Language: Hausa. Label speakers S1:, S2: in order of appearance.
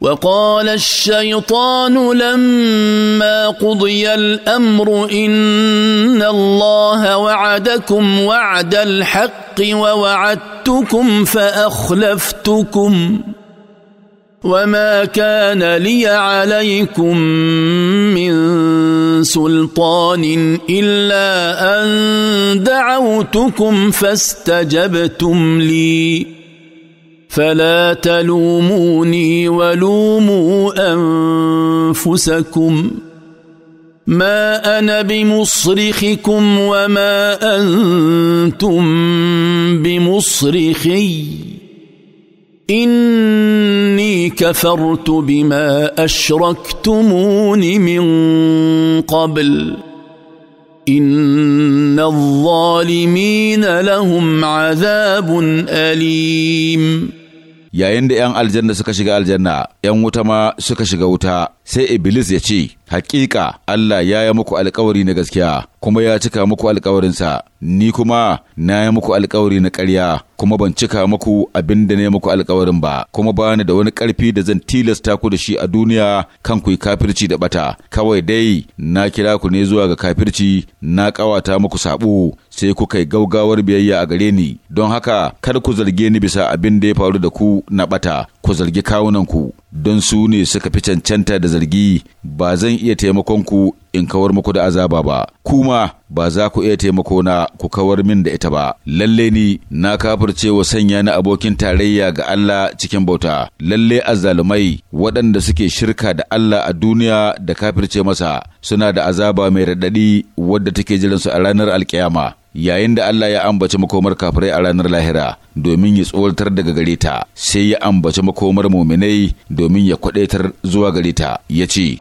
S1: وقال الشيطان لما قضي الامر ان الله وعدكم وعد الحق ووعدتكم فاخلفتكم وما كان لي عليكم من سلطان الا ان دعوتكم فاستجبتم لي فلا تلوموني ولوموا انفسكم ما انا بمصرخكم وما انتم بمصرخي اني كفرت بما اشركتمون من قبل
S2: ان الظالمين لهم عذاب اليم yayin da ‘yan aljanna suka shiga aljanna, ‘yan wuta ma suka shiga wuta. sai Iblis ya ce, Hakika Allah ya yi muku alkawari na gaskiya, kuma ya cika muku alkawarinsa, ni kuma na yi muku alkawari na karya kuma ban cika muku abin da na yi muku alkawarin ba, kuma ba da wani ƙarfi da zan tilasta ku da shi a duniya kan ku yi kafirci da bata, kawai dai na kira ku ne zuwa ga kafirci, na ƙawata muku saɓo, sai ku kai gaugawar biyayya a gare ni, don haka kar ku zarge ni bisa abin da ya faru da ku na bata, ku zargi kawunanku don su ne suka fi cancanta da zargi ba zan iya taimakon ku in kawar muku da azaba ba kuma ba za ku iya taimako na ku kawar min da ita ba lalle ni na kafirce wa sanya na abokin tarayya ga Allah cikin bauta lalle zalumai, waɗanda suke shirka da Allah a duniya da kafirce masa suna da azaba mai raɗaɗi wadda take jiransu a ranar alkiyama yayin da Allah ya ambaci makomar kafirai a ranar lahira domin ya tsoratar daga gare ta sai ya ambaci makomar muminai domin ya kwadaitar zuwa gare ta ya ce